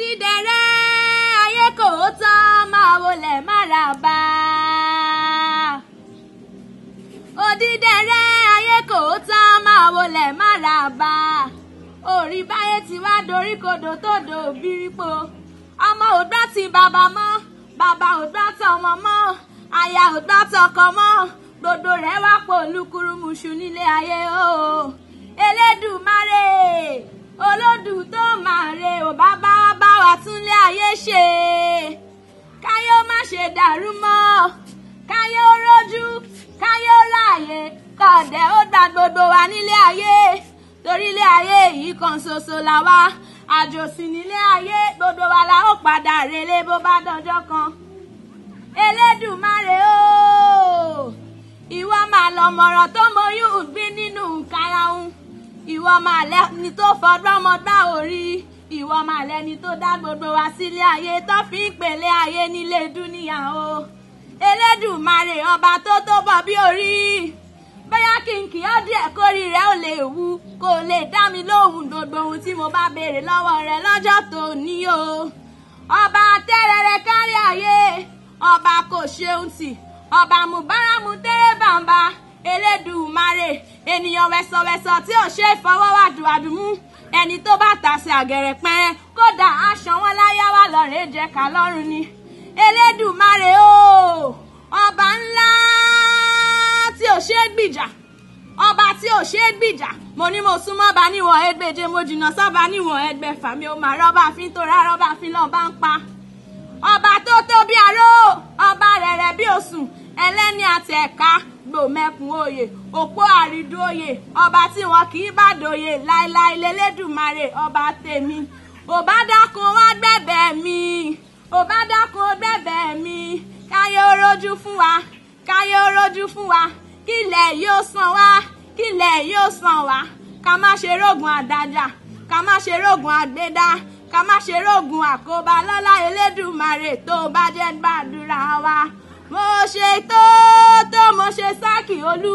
dídẹrẹ́ ayé kò tán máa wọlé mára bá ó dídẹrẹ́ ayé kò tán máa wọlé mára bá orí báyé ti wá dorí kodò tó do bírípo ọmọ ò gbọ́ ti bàbá mọ́ bàbá ò tọmọ mọ́ aya ò gbọ́ tọkọ mọ́ gbogbo rẹ̀ wá pọ̀ olúkúrúmuṣu nílé ayé o Elédùmarè olódùmarè. dàrú mọ́ káyé ó rójú káyé ó ráàyè kọ̀dẹ̀ ó gba gbogbo wa nílé ayé torí ilé ayé yìí kan ṣoṣo la wá àjò sì nílé ayé gbogbo wa la ó padà relé bó bá dọjọ́ kan Elédùmarè o ìwọ máa lọ mọ̀ràn tó mọyún gbín nínú karahun ìwọ máa lẹ́ni tó fọdọ́mọdá orí ìwọ máa lẹni tó dá gbogbo wa sílé ayé tó fi ń pèlé ayé nílé dúníyà o elédùnmarè ọba tó tó bọ̀ bí orí bóyá kí n kì í ọ́ díẹ̀ kórì rẹ̀ ò lè wú kó o lè dá mi lóhùn gbogbo ohun tí mo bá béèrè lọ́wọ́ rẹ̀ lọ́jọ́ tó ní o ọba tẹ́rẹrẹ kárí ayé ọba kò ṣeun tì ọba mùbáramu tẹ́rẹ bàǹbà elédùnmarè ènìyàn wẹ̀sọ̀wẹ̀sọ̀ tí ò ṣe é fọwọ́ wàdùwàdù mú ẹni tó bá tàsé àgẹ̀rẹ̀ pẹ́ kódà aṣọ wọn láyá wà lọ́rẹ̀ẹ́ jẹ ká lọ́rùn ni Elédùmarè o ọba ńlá tí ò ṣeé gbìjà ọba tí ò ṣeé gbìjà mo ní mo súnmọ́ ọba níwọ̀n ẹgbẹ́je mo jìnnà sọ́ba níwọ̀n ẹgbẹ́fà mi ò máa rọ́bà fi ń torá rọ́bà fi lọ́ọ́ bá ń pa ọba tó tó bí aró ọba rẹ̀rẹ̀ bí òsùn ẹlẹ́ni àtẹ̀ka gbòmẹ̀kùn oyè òpó àrídóyè ọba tí wọn kì í bàdóyè láéláé lélẹ́dùmarè ọba tèmi òbá wá gbẹ̀bẹ̀ mi òbá gbẹ̀bẹ̀ mi káyé ó fún wa káyé ó rójú fún wa kílẹ̀ yóò sàn wá kílẹ̀ yóò sàn wá ká má ṣe rógun àdájà ká má ṣe rógun àgbédá ká má ṣe rógun àkóbá lọ́lá elédùmarè tó bá jẹ́ gbàdúrà wa mo ṣe tó tó mo ṣe sákì olú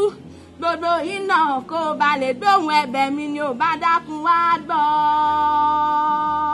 gbogbo iná kó ba gbóhùn ẹ̀bẹ̀ mi ni ò bá dákun wá gbọ́.